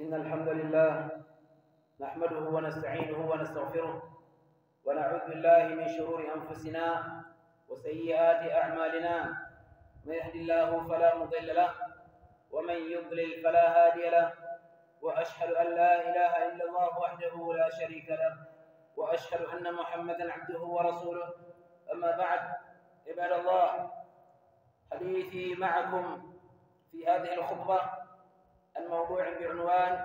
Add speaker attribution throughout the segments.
Speaker 1: إن الحمد لله نحمده ونستعينه ونستغفره ونعوذ بالله من شرور أنفسنا وسيئات أعمالنا من يهد الله فلا مضل له ومن يضلل فلا هادي له وأشهد أن لا إله إلا الله وحده لا شريك له وأشهد أن محمدا عبده ورسوله أما بعد عباد الله حديثي معكم في هذه الخطبة الموضوع بعنوان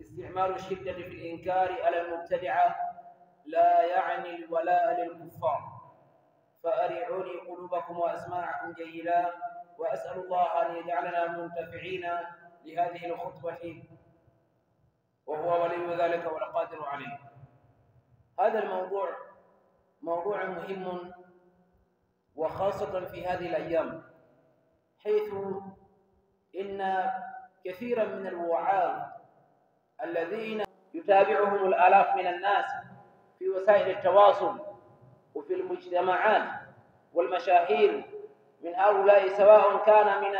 Speaker 1: استعمال الشدة في الإنكار على المبتدعة لا يعني الولاء للكفار فأرعوني قلوبكم وأسماعكم جيدا وأسأل الله أن يجعلنا منتفعين لهذه الخطبة وهو ولي ذلك والقادر عليه هذا الموضوع موضوع مهم وخاصة في هذه الأيام حيث إن كثيرا من الوعاظ الذين يتابعهم الآلاف من الناس في وسائل التواصل وفي المجتمعات والمشاهير من هؤلاء سواء كان من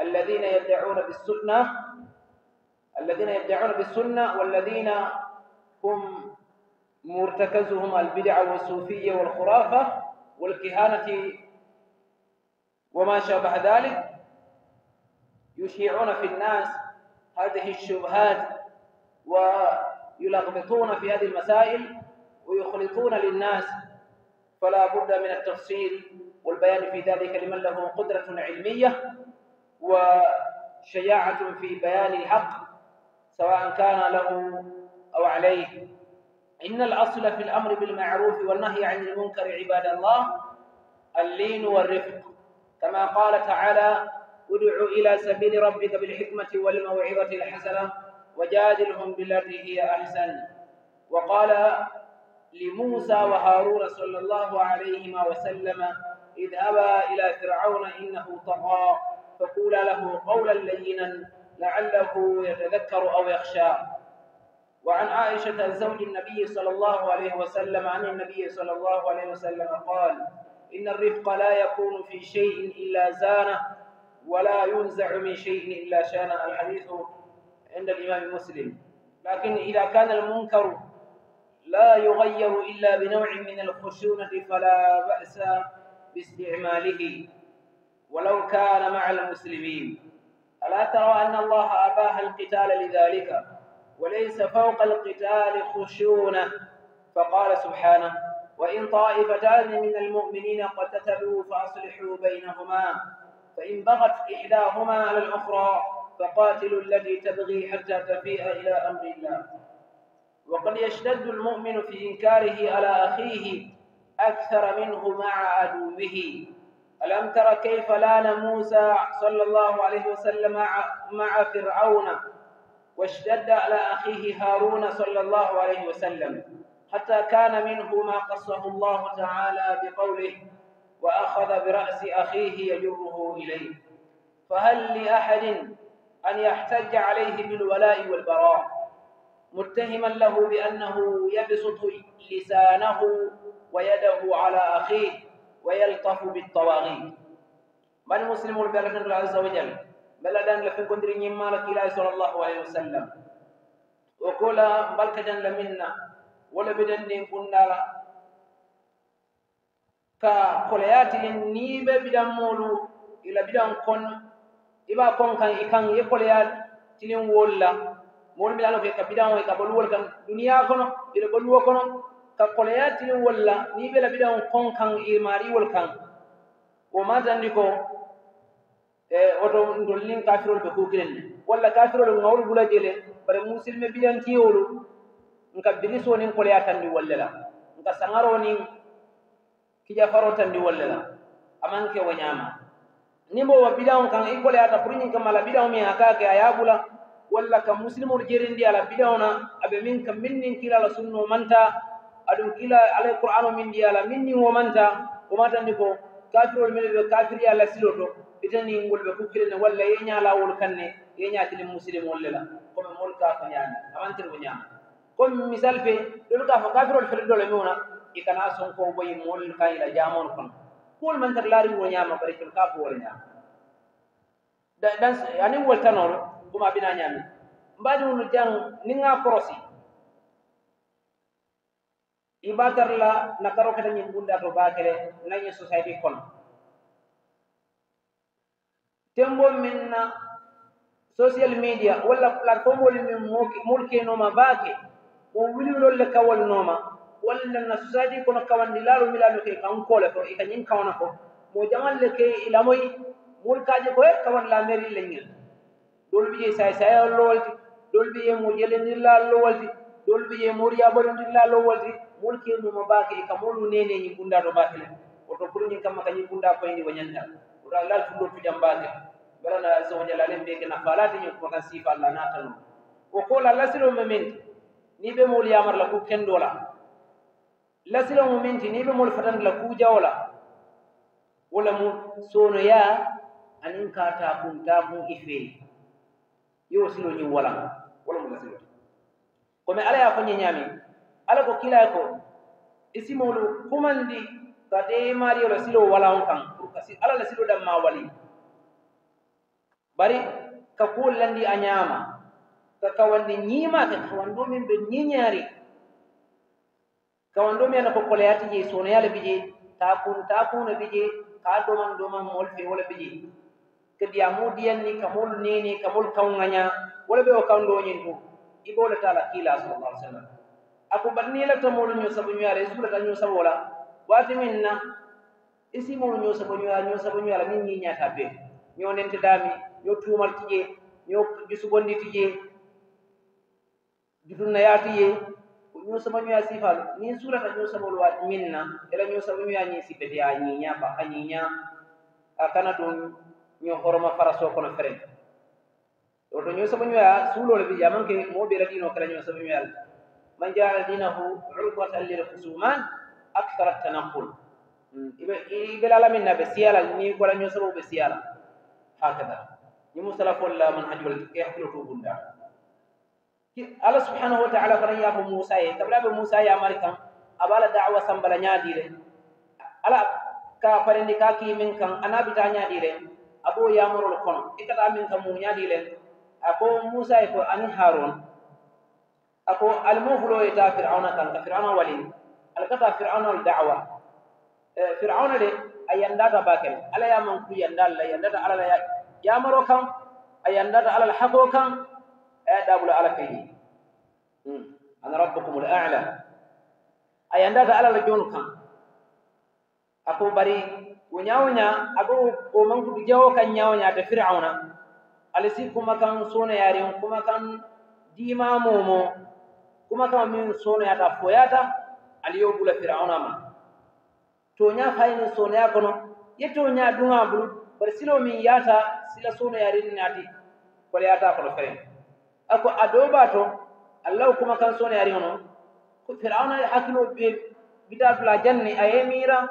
Speaker 1: الذين يدعون بالسنة الذين يدعون بالسنة والذين هم مرتكزهم البدع والصوفية والخرافة والكهانة وما شابه ذلك يشيعون في الناس هذه الشبهات ويلغبطون في هذه المسائل ويخلطون للناس فلا بد من التفصيل والبيان في ذلك لمن له قدرة علمية وشجاعة في بيان الحق سواء كان له أو عليه إن الأصل في الأمر بالمعروف والنهي عن المنكر عباد الله اللين والرفق كما قال تعالى ادع إلى سبيل ربك بالحكمة والموعظة الحسنة وجادلهم بالتي هي أحسن وقال لموسى وهارون صلى الله عليهما وسلم اذهبا إلى فرعون إنه طغى فقولا له قولا لينا لعله يتذكر أو يخشى وعن عائشة زوج النبي صلى الله عليه وسلم عن النبي صلى الله عليه وسلم قال إن الرفق لا يكون في شيء إلا زانه ولا ينزع من شيء إلا شان الحديث عند الإمام مسلم لكن إذا كان المنكر لا يغير إلا بنوع من الخشونة فلا بأس باستعماله ولو كان مع المسلمين ألا ترى أن الله أباح القتال لذلك وليس فوق القتال خشونة فقال سبحانه وإن طائفتان من المؤمنين قتتلوا فأصلحوا بينهما فإن بغت إحداهما على الأخرى فقاتلوا التي تبغي حتى تفيء إلى أمر الله وقد يشتد المؤمن في إنكاره على أخيه أكثر منه مع عدوه ألم تر كيف لان موسى صلى الله عليه وسلم مع فرعون واشتد على أخيه هارون صلى الله عليه وسلم حتى كان منه ما قصه الله تعالى بقوله وأخذ برأس أخيه يجره إليه فهل لأحد أن يحتج عليه بالولاء والبراء متهما له بأنه يبسط لسانه ويده على أخيه ويلطف بالطواغيت من مسلم البلد الله عز وجل بلدا لفن كندر مالك إلى صلى الله عليه وسلم وكل بلكة لمنا ولا كنا ka koleyatilin ni be bidan molu ila bidan kon iba kon kan ikan ye koleyatilin wolla molu mi aloke ka bidan ka bolu wol kan duniya kono ila bolu kono ka koleyatilin wolla ni be la bidan kon kan e mari wol kan o ma zandi ko e oto ndollin kafirol be kukilen walla kafirol ngawol bula jele bare musilme bidan tiyolu nka birisoni koleya tandi wolle la nka kija farotandi wolle la aman ke wo ñaama ni bo wa bidaŋo kaŋ i kole ata pour ñiŋ kamma la bidaŋo miŋ a kaa ke a ye a bula walla ka musilimolu jerindi a la bidaŋo na a be miŋ ka miŋ niŋ kila la sunno manta aduŋ kila alla ye qur'ano miŋ di a la miŋ niŋ wo manta wo matandi ko kafirolu minnu be kafiriya la silo to ite niŋ wolu be kukkilin ne walla ye ñaa la wolu kaŋ ne ye ñaatiliŋ musilimolu le la komi moolu kaa fo ñaami amantir wo ñaama comme misal fe dolu kaa fo kafirolu fele dole miŋo na ikana son ko boy mol kay la jamon kon kul man tar lari wo nyama bari tul ka nyama da dan ani wol tanor kuma bina nyami mbadi wonu jang ni nga korosi ibadar la na karo kata bunda to bakere na society kon tembo minna social media wala platform wol min mulke no ma bake ko wili wol le kawol no ma walla na susaji kono kawanndi laaru milaano ke kankoole fo e kañin kawana fo mo jamalle ke i e lamoyi mulkaaji koye kawan laameri lenngel dolbiye saye sayal lowalti dolbiye mo jelendirlaal lowalti dolbiye moriya borindirlaa lowalti mulki numa baake e ka molu neneñi gunnda to baakele oto pourñin kamma kañin gunnda koyndi wañanta oto allaal fullortujam baakel mbalana zoñalalen mbeeke na faalaadiñi makan siifa allah naatanu o koola lasiro memen ni ɓe mol yamarla ku kendola la meŋ ti niŋ i be moolu fatandi la kuujawo la wala mu soonoyaa aniŋ an taakuŋ ta i ta mu wo yo ñiŋ walaŋ wala wala mu la komi alla ye a ya ñe nyami alla ko kila ko i si moolu kumandi ka de mari la silo wala kaŋ kan kasi ala alla la siloo danmaa wali bari ka kuwolu landi a ñaama ka kawandi ñiimaa ta kawandoo meŋ be ñiiñaari kawan do miyana ko koleyati je sono yala bije takun takuna bije ka doman doman mol fe wala bije kedi amu diyan ni kamul nini kamul kaunganya wala be o kando nyin ko ibo la tala ila sallallahu alaihi wasallam aku banni la tamul nyu sabu nyu yare sura tan nyu sabu wala wati minna isi e mo nyu sabu nyu yare nyu sabu nyu yare min nyinya tabbe nyu nente dami nyu tumal tije nyu jisu bondi tije jutunna yati ye ñosomañoya sifal nin surata ñosomol wa min na ela ñosomañoya ñin sipeti a ñiña ba a ñiña a kana tun ño horoma faraso kono feren woto ñosomañoya suulole bi jaman ke moo ɓeera ɗino kala ñosomañoyal man jaala dinahu urwatan lilhusuman akthara tanaqul ibe lala min na ɓe siyala ni kola ñosomo ɓe siyala hakada ñimu salafol la manhajul ke hakkilo to bunda ala subhanahu wa ta'ala fana ya ko musa ye tabla be musa ya marika abala da'wa sambala nyaadi le ala ka parende ka ki min kan anabi ta nyaadi le abo ya moro kon ikata min kan mu nyaadi le ako musa ye ko ani harun ako almufulo ye ta fir'auna kan ka fir'auna wali alkata fir'auna da'wa fir'auna le ayanda ta bakel ala ya man ku yanda la yanda ta ala ya ya maro kan ayanda ta ala hako kan ɗaɓula ala kayi ana rabbukum a yanda ta ala la jonu kan ko bari wonyawnya ago o mangu jawo kan nyawnya ta fir'auna alisi kuma kan sona yare kuma kan dima momo kuma kan min sona yata ta foyata aliyo bula fir'auna ma to nya fayin sona ya kono yeto nya dunga bulu bar silo min yata sila sona yare ni ati ko yata ko fere ako adoba to allah kuma kan sone ari hono ko fir'auna hakilo be bida bla janni ayemira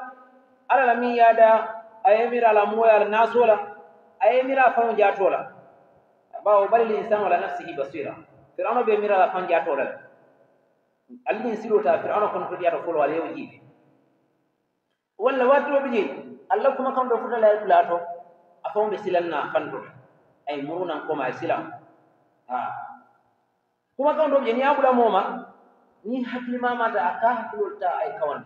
Speaker 1: ala la mi yada ayemira la moya la nasola ayemira fa on jatola bawo bal li insan wala nafsihi basira fir'auna be mira la fa on jatola alin sirota fir'auna kon to diata folo wala yewji walla waddo be je allah kuma kan do futa la plato afon be silanna fando ay murunan koma silam ha kuma kan dobe ni akula moma ni hakli mama da aka hakul ta ai kawan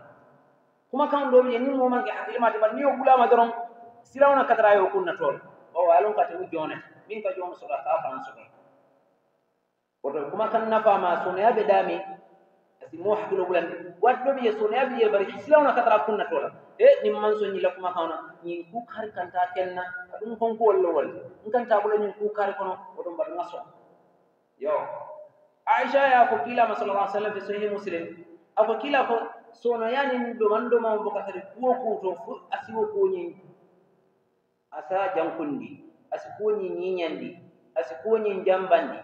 Speaker 1: kuma kan dobe ni moma ga hakli ma ba ni ogula ma daron silawna katara yo kunna tol o walon ka tu jone min ka jom sura ka fan ko wato kuma kan nafa ma sunya be dami mo hakulo bulan waddo be sunya be bari silawna katara kunna tol e ni man so la kuma kawna ñin kukari kanta kenna ko wallo wolle wolle ta bulan ni ku kar kono oɗum mbaɗa ŋa son yo aisha ye a ko kiilama sal lah sallam fe sahihi muslim a ko kiila ko sono yanin doman domamo bo kasari kuwo kuuto fo a siwo kooñi a sa jankundi a si kooñi ñiiñandi a si kooñi jambandi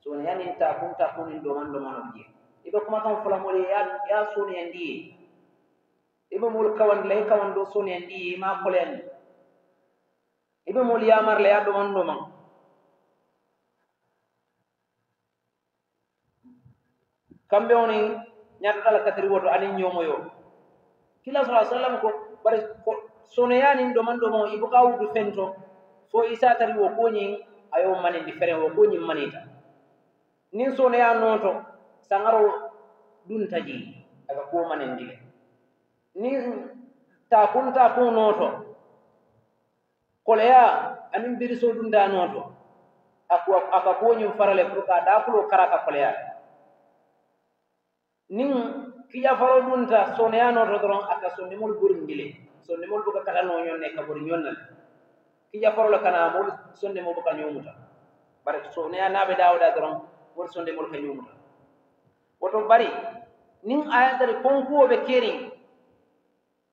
Speaker 1: sono yanin takum takunin doman domano jee i ɓe kuma kam folamole ya sonoyandi ye ibe mol kawandi la i kawan do sonoyandi ye i ma koleyandi i ɓe mol yamar la ya doman domano kamɓe oni ñatoɗala katiri woto anin ñoomoyo kila sa sallam ko bare ko sonoyanin ɗoman ɗomo i buka wudu fento fo isa tari wo koñin ayo manindi fere wo koñin manita nin sonoya noto sangaro dun taji aga kuwo manindi le kun ta takun noto koleya anin biriso da noto aka kuwoñin farale pour ka da kara karaka koleya niŋ kiyafaro dunta soneya noto doroŋ ata sondimolu buringile sondimolu buka kata noño ne ka bori ñon nale kiyafaro lo kana moolu sondimo buka ñomuta bari soneya naɓe dawoda doroŋ wolu sondimolu ka ñomuta woto bari niŋ ayatari konkuwo ɓe keriŋ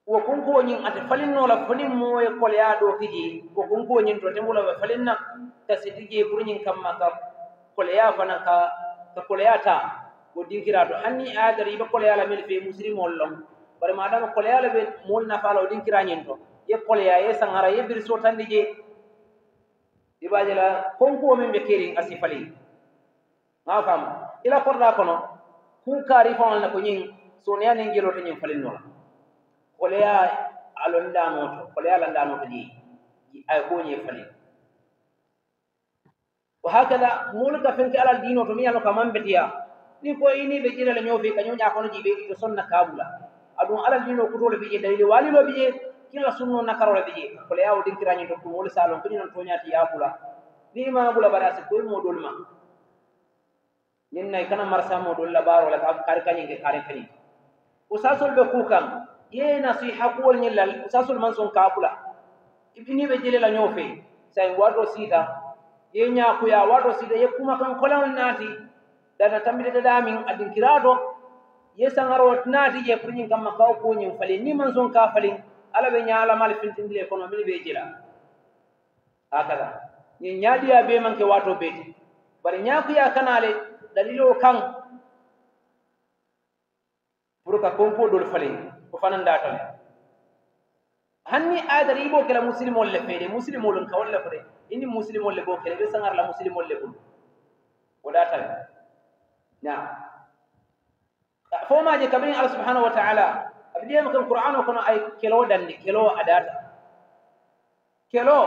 Speaker 1: wo konkuwo ñiŋ ate falinnola foniŋ mooye koleya ɗo kiji wo konkuwo ñiŋ to tembula ɓe falinna kasi tije buriñiŋ kamma ka koleya fana ka koleya taa ko dinkiraato hanni e aadari ɓe koloyala mel fe musirimol lon bare madama koloyala ɓe mol nafala o dinkirañin to ye koloya ye sangara ye biriso tandi je ibajela konkuwo min ɓe kerin a sifali maa fama ila korɗa kono hunkari fawol na ko ñin sonaya nin jeloto ñin falinnola koloya alondanoto koloya landanoto ɗi ay hoñe fali wa hakada mulka finke alal dinoto mi yano ka man betiya ɗi koyini ɓe ƴirale ñoofe kañoo ƴakono ji ɓe ɗi ɓe sonna kaɓula aɗum alal ɗino kutole ɓe ƴe dalili waalilo ɓe ƴe kila sunno nakarole ɓe ƴe ko le yawo ɗinkirañi to ɗum wole salon ko ñinan toñati yakula ɗi imaɓula mbaɗa si koye moɗol ma nin nayi kana marsa moɗol labarole ka kare kañinge kare kañi o sasol ɓe kuukan ƴe nasiha kuwol ñillal o sasol man son kaɓula ɗini ɓe jelela ñoofe say warɗo siita ye ñakuya warɗo siita ye kuma kan kolawol naati data tambide ɗaɗamin adin kirado yesangaro naati je pour ñin kamma kaw koñin falin ni man son ka falin ala ɓe ñalamal fintindile kono min ɓe jira ha kata ñi ñaɗiya be manke wato beeti bari ñakuya kanale dalilo kan pour ka konko dol falin ko fanandatan hanni adari ibo kela musilimol le feede musilimolon kawolle fore ini musilimol le bo kele ɓe sangarla musilimol le ɓol o ɗatan na foma je kamar Allah subhanahu wa ta'ala abdiye mukan qur'ano kuma ai kelo dan ni kelo adata kelo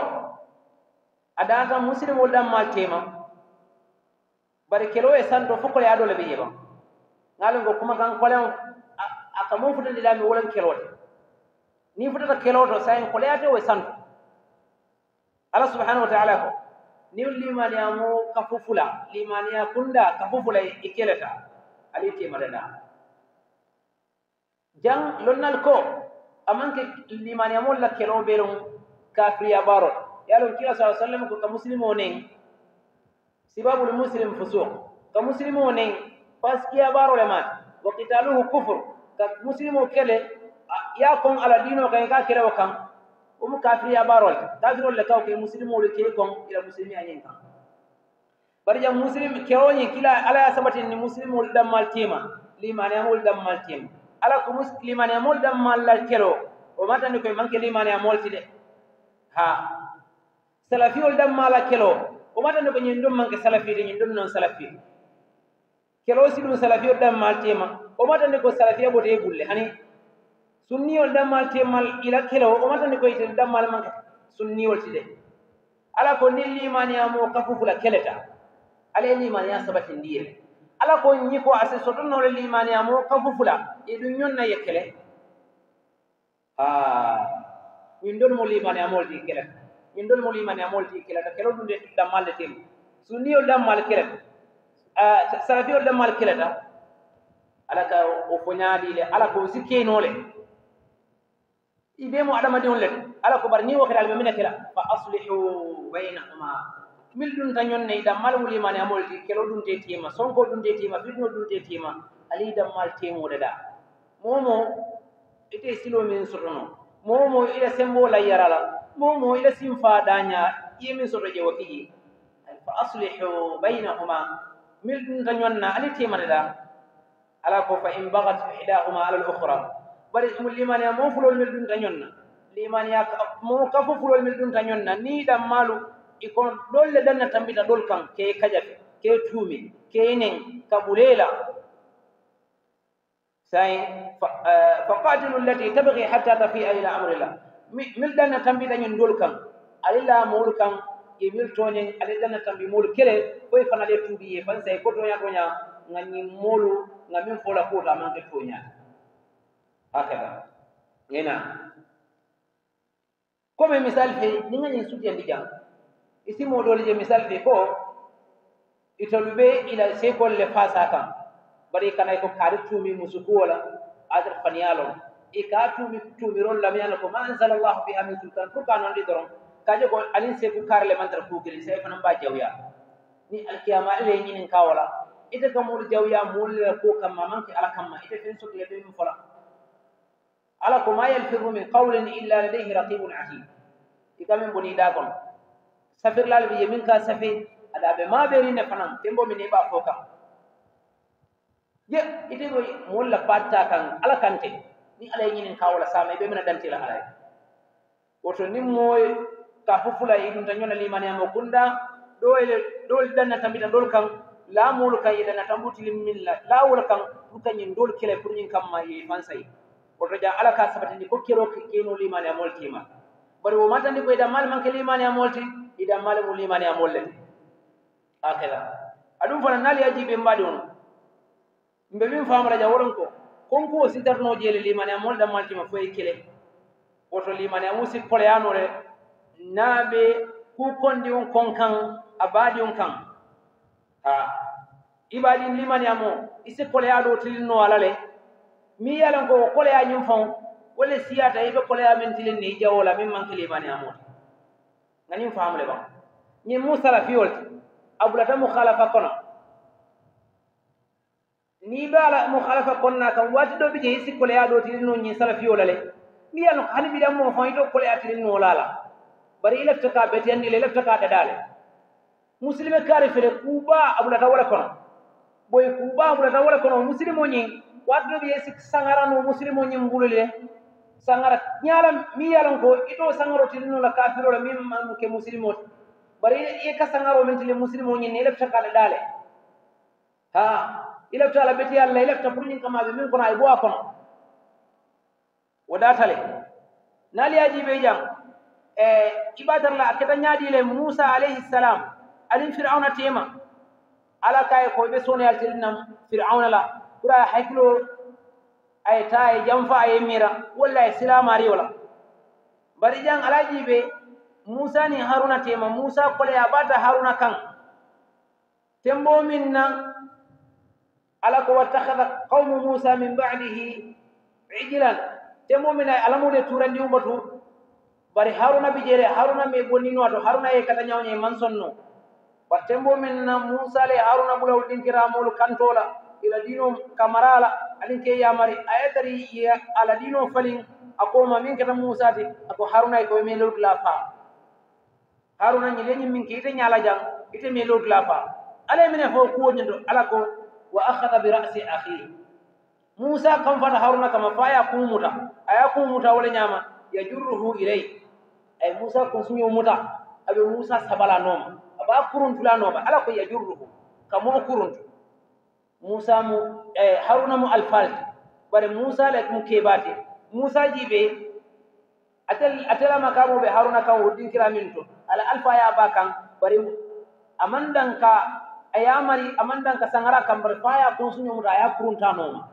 Speaker 1: adata musulun dan ma ce ma. Bari kelo ya san do fukole ado le biye ba ngalen go kuma kan kolen aka mun futa dilami lami wolen kelo ni futa da kelo to sayin kolen ado e san Allah subhanahu wa ta'ala ko niw limaniyamu kafufula limaniya kunda kafufula i keleta ali temalena jan lonnal ko amanke limaniyamol la kelo belum kafiriya barol yalon kila sa sallam ko ka muslimo nen sibabul muslim fusuq ka muslimo nen paskiya barole man wa qitaluhu kufr ka muslimo kele ya kon ala dino kan ka kele wa kan umu kafiri yabarol kafirol le kaw ke muslimolu ke kon ila muslimi a ñin kan bari jam muslim kewoñin kila ala ya sabatin ni muslimolu dammal tima limaneamolu dammal tima ala ko limaneamolu dammal la kelo o matandi koye manke limaneamol ti de ha salafiyolu dammala kelo o matandi ko ñin ɗum manke salafi de ñin ɗum non salafi kelo si ɗum salafiyolu dammal tima o matandi ko salafiya boteye gulle hani sunniyol dammal temmal ila kelawo o matani koyten dammal manke sunniyol tide ala ko ndin limaniyamo kafufula keleta ala limaniya sabati ndiye ala ko ñi ko ase sotonole limaniyamo kafufula e ɗum ñonna yekkele ha min ɗon mo limaniyamol ti keleta min ɗon mo limaniyamol ti keleta kelo ɗum de dammalle tem sunniyol dammal keleta salafiyol dammal keleta ala o foñaɗile ala ko sikkenole ibe mo adama diwon let ala ko bar ni wo kala mamina kala fa aslihu bainahuma mil dun ta ñonne ida mal wuli man amol ti kelo dun te tima sonko dun te tima fitno dun te tima ali da mal temo da da momo ite silo min sotono momo ila sembo la yarala momo ila simfa danya yemin soto je wakiji fa aslihu bainahuma mil dun ta ñonna ali tima da ala ko fa in bagat ihdahuma ala al-ukhra bari mu limaniya mo fulol mel ɗum ta ñonna limaniya mo kafo fulol mel ɗum ta ñonna ni ɗam maalu ikono ɗolle ɗanna tambita ɗol kan ke kajafe ke tuumi ke nen ka ɓuleela sai fa eh, qatilu llati tabgi hatta tafia ila amrillah mil ɗanna tambita ñon ɗol kan alilla moolu kan e mil toñen ale ɗanna tambi moolu kele koye fanale tuubiye fan sa koto ña toña ga ñi moolu ga min fola kota manke toñaa هكذا هنا إيه، نعم. كم مثال في نين ينسوك ينديجا اسمه دولي مثال في كو يتلوبي إلى سيكول لفاس هكا بري كان يكو خارج تومي مسكولا أدر فنيالون إكا تومي تومي رول لم يالكو ما أنزل الله بها من سلطان كم كانوا عندي درون كاجو كو ألين سيكو كار لمنتر كوكري سيكو نمبا جاويا ni alkiyama ile yini nkawala ite kamuri jawya mulle ko kamma manki كم kamma ite tenso kile bimu fola ala ko ma yalfiru min qawlin illa ladayhi raqibun atid ikamen boni dakon safir lal bi yemin ka safe ada be ma beri ne fanan tembo min ba foka ye ite go molla patta kan ala kante ni ala yinin ka wala sama be mena danti la ala woto nim moy ka fufula idun tanyona limani amo kunda dole dole danna tambita dol kan la mulu kan yidana tambuti limmilla la wala kan dukanyin dol kile purnyin kam ma yi fansai oto ƴa ala ka sabatandi ko kero keno limani a moltima bari wo matandi ko idan mal manke limani a molti idan mal mo limani a molle akela aɗum fana nali aji ɓe mbaɗi on mbe min famara ƴa woron ko konko o sitarno jeeli limani a molɗa maltima foye kele woto limani a musi poleyanore naɓe kukondi on kon kan a baɗi on kan a iɓaɗin limani a mo i sikkoleyaɗo tilinno alale mi yalan ko koleya ñum fon wolle siyata ibe koleya min tilin ni jawola min manke limani amoto nga ñum famule ba ñin mu salafiyol ti abulata mukhalafa kono ni be ala mukhalafa konna kam waati do bije si koleya do tilin no ñin salafiyola le mi yalan ko hani bidan mo fon ido koleya tilin no lala bari ilaftaka betiyan ni le ilaftaka dadale musilime kari fere kuba abulata wala kono boy kuba abulata wala kono musilimo ñing waddo ɓe yeesi sangarano musilimo ñin ngulule sangara ñalam e. mi yalan ko ito sangaro tilinola e kafirola e, min manke musilimo bari ye ka sangaro min tile musilimo ñin ni lefta kale dale ha ilefta ala beti allah ilefta pour ñin kamaɓe min kona e bowa kono wodatale naali ajibe jam e ibadarla a keta ñaɗile moussa alayhi salam alin firauna tema ala kaye koyɓe sonoyaltirinam firauna la ɓura haykilo aye ta ye jamfa aye mira walla ye silamari wola bari jan ala jiɓe musa ni haruna tema musa kole a bata haruna kan tembo min na ala ko wattahada qawmu musa min badihi ijilan tembo min aye alamude turandi umbatu bari haruna bijere haruna mi boninowato haruna ye kata ñawñe man sonno bar tembo min na musa le haruna ɓulawol ɗinkiramolu kantola iladino kamarala alin ke yamari ayatari ya aladino falin akoma min kata musa ti ako haruna ko me lord lafa haruna ni lenyi min ke ite nyala jang ite me lord lafa ale mine fo ko nyando ala ko wa akhadha bi ra'si akhi musa kam fata haruna kama faya kumuta aya kumuta wala nyama yajurruhu ilay ay musa kun sunyo muta abe musa sabala noma aba kurun tula noma ala ko yajurruhu kamo kurun tula musa mu eh, haruna mu alfalti bare musa lek mu kebate musa jiɓe atel atelama kamoɓe haruna kam woddinkiramin to ala alfa yaba kan bare amandanka a yamari amandanka sangara kam bare faya konsuñomuta aya kuruntanoma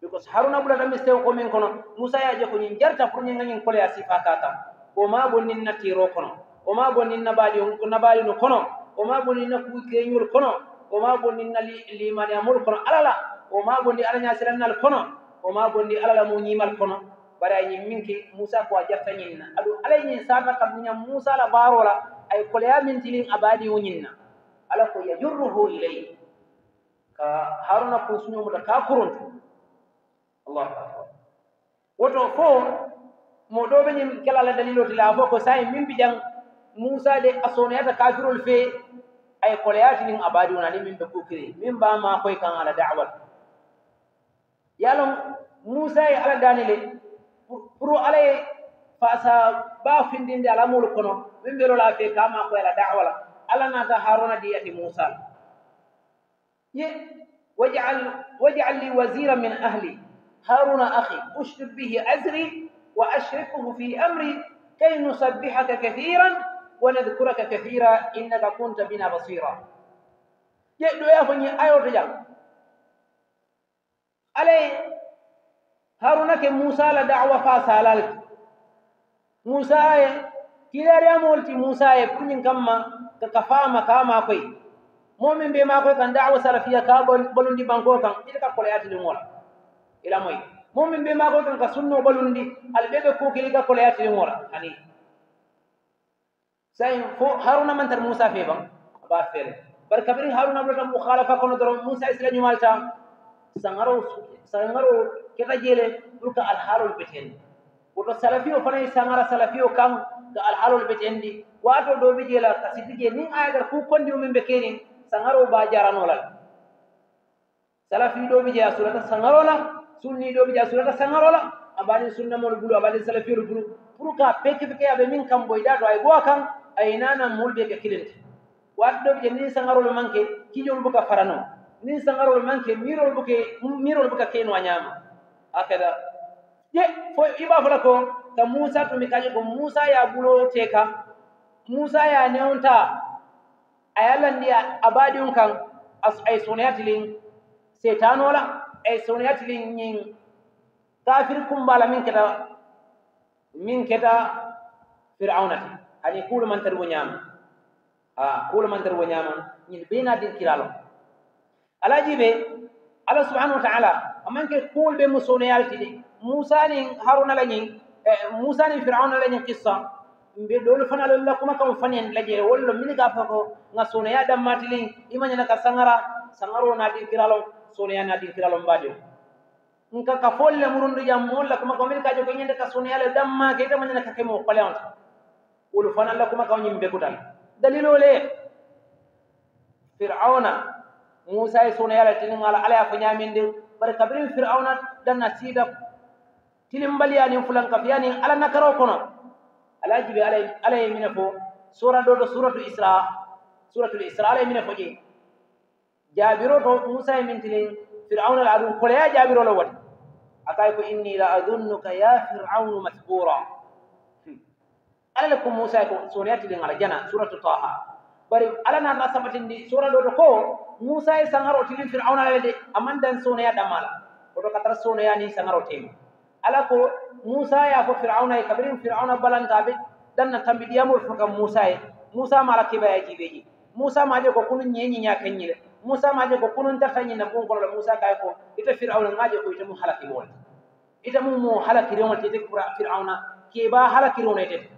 Speaker 1: because haruna ɓulata mi sew komin kono musa yaje ko ñin jarta pour ñingañin koleya sifa ka kam ko ma bonnin na tiro kono o ma bonnin nabaƴo nabaƴo no kono o ma bonnin na kuu keñol kono o ma bonndi na limani amuɗo kono alala o ma bonndi ala ñasirannal kono o ma bonndi alala mo ñimal kono bara ñin minki moussa ko a jatta ñinna aɗu alay ñin sarna kam duñam moussa la barola ay koleya mintilin abaani o ñinna ala ko yajurruhu ilay ka haruna ko suñomuda ka kurontu allahu akbar woto fo mo ɗoɓe ñin kelala dalilo tila fo ko sa min mbiƴan moussa de a sonoyata kafirol fee ay koleyaatinin abaadiwona ni min ɓe kukiri min ba ma koye kan ala dawal yalon musa ye ala danile pro ala ye fasa ba ala mul kono min be rola fe kama koye ala dawala ala na ta nata harona diyati musa ye wajal wajal li wazira min ahli haruna akhi ushrib bihi azri wa ashrikuhu fi amri kay nusabbihaka kathiran ونذكرك كثيرا إنك كنت بنا بصيرا يدعو يا فني أيو رجال علي هارونك موسى لدعوة فاسالالك موسى كلا ريامولتي موسى يكون كما تكفى مكاما كوي مؤمن بما كوي كان دعوة سلفية كابل بلون دي بانكو كان إذا كوليات لنمولا إلى موي مؤمن بما كوي كان كسنو بلون دي البيبكو كليكا كوليات لنمولا يعني sai fo haruna man tar musa fe ban ba fere bar kabiri haruna bla tam mukhalafa musa isla nyumal tam sangaro sangaro keta jele ruka al halul beten woto salafiyo fana sangara salafiyo kam ka al halul beten di wato do bi jela kasidige nin ayagar ku kondi o membe keni sangaro ba jarano lal salafi do bi jela surata sangaro la sunni do bi jela surata sangaro la abani sunna mo bulu abani salafiyo bulu pour ka peke peke abe min kam boyda do ay aynana mul be ke kilente wat do je ni sangarol manke jol buka farano ni sangarol manke mirol buke mirol buka keno anyama akada ye fo iba fala ko ta musa to mi kaje ko musa ya bulo teka musa ya neunta ayalan dia abadi kan, as ay sunayatilin setanola ay sunyatlin yin kafir bala min keta min keta fir'aunati ani kulu man tarbo nyama a kulu man tarbo nyama nyin bena din kiralo alaji be ala subhanahu wa ta'ala aman ke kul be musone yalti de musa ni harun la ni musa ni fir'aun la ni qissa be mbe dolu fana la kuma kam fanen la je wollo min ga fa fako ngasone ya matili imanya na ka sangara sangaro na din kiralo sone ya na din kiralo mbadio nka ka folle murundu jam molla kuma ko min ka jogo nyende ka sone ya dam ma ke tamanya na kemo kolewta wolu fana la kuma kaw ñim bekutal dalilo le fir'auna musa e sona yala tinin ala ala ya fanya min de bar kabrin fir'auna dan nasida tilin baliyanin fulan kafiyanin ala nakaro kono ala jibe ala ala yimina fo sura do do suratu isra suratul isra ala yimina fo je jabiro to musa e min tilin fir'auna al adu ko ya jabiro lo wat akay ko inni la adunnuka ya fir'aunu masbura ala la ko moussa ko sone yatti ɗen ala jana suratu taha bari ala na na samatindi sura ɗo ɗo ko moussa e sangaro o tinin firauna welde amman dan sone ya ɗamala oɗo katara sone ya ni sangaro tema ala ko moussa ya fo firauna e kabarim firauna balantaɓe dan na tambi ɗiyamol fokam moussa e moussa ma ala keɓaya jiɓeji moussa maje ko kunu ñeñi ña kañile moussa maje ko kunu darta ñinna ɓonkolole moussa kay ko ita firauna maje ko ita mum halakiwolde ita mum mo halakirewol tete fir'auna keɓa halakirewna tete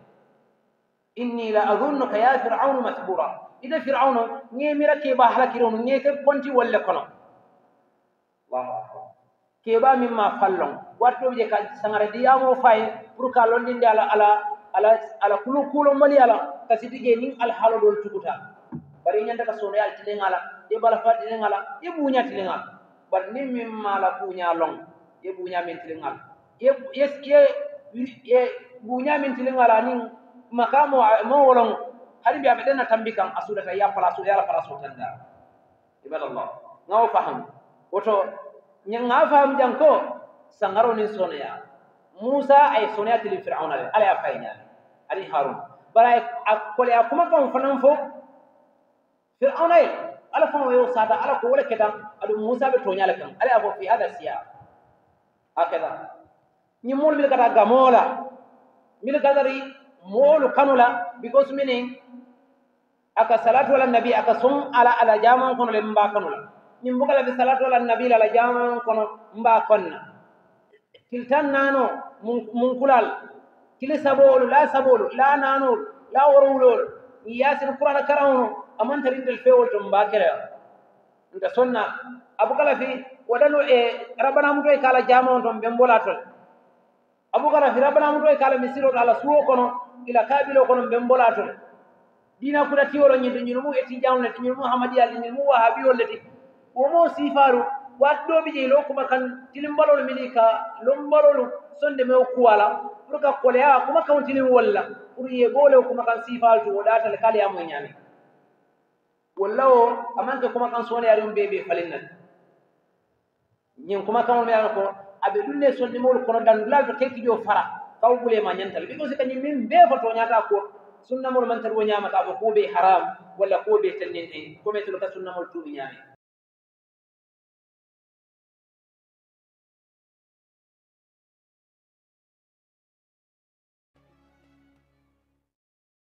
Speaker 1: inni la azunnu ya fir'aun mathbura ida fir'aun nye mira ke ba halakironu nye ke bonti wolle kono allahu akbar keɓa min ma fallon wattoɓe je ka sangara diyamo faye pour ka londinde ala ala ala kulu kulo kulomali ala ka sitige nin alhaaloɗol tuguta bari ñanda ka sonoya tilen ala e balafa tilen ala e ɓuña tilen ala bar nin min mala ɓuña lon e ɓuña min tilen ala e ɓuña min tilen ala nin makamu mau orang hari biar ɓe ɗenna tambi kan a suudata ya place yala place o tanda ibadallah ngawo faham woto nga faham jan sangaro ni sonya musa ay sonya tili fir'auna le ale apa ini ani harun bara a koleya kuma kan fanan fo fir'auna ye ala fama yo sada ala ko wole ketan adu musa bertanya toñale Ale ala ya fo fi hada siya ni ñimmol mil kata gamola mil gadari moolu kanu la because meaning aka salatu ala nabi aka sun ala ala jaman kono le mba kanu la ñin buka lafi salatu ala nabi la ala jaman kono mba konna kiltan nano mun kulal kili sabolu la sabolu la nanol la worowlol yasin kurala karawno amantarindel fewol to mba kelewa nta sonna abukala fi waɗano e eh, rabanamuto e kala jamon ton ɓen abubakar firabanamto e kala misirol ala suwo kono ila kabilo kono ɓen mbola ton dina kuda tiwolo ñinde ñin mum etti jawnlete ñin mum hamadiyalde ñin mum wahabiwol lete womo sifaru watɗoɓe jeyi lo kuma kan tilimbalol mini ka lombalolu sonde mewo kuwala pour ka koleyawa kuma kan tilin wolla pour ye gole kuma kan sifal to woɗatal kala yamo ñaami walla o kuma kan soneyarum be ɓe falinnat ñin kuma kanol meyano ko aɓe ɗunne sonnimol kono dandulaɓe kekkijo fara kawgulema ñantal ɓe ɓosi kañum min mbefa to ñata ko sunnamol mantal wo ñamata ɓe ko ɓe haram walla ko ɓe tannen en kometelo ka sunnamol tuuɓi ñame